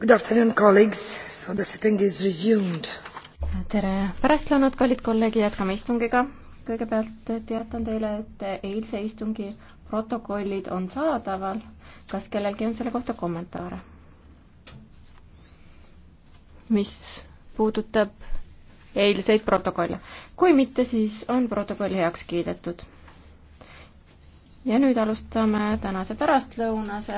tere pärastlõunat, kallid kolleegid, jätkame istungiga. kõigepealt teatan teile, et eilse istungi protokollid on saadaval. kas kellelgi on selle kohta kommentaare? mis puudutab eilseid protokolle. kui mitte, siis on protokoll heaks kiidetud. ja nüüd alustame tänase pärastlõunase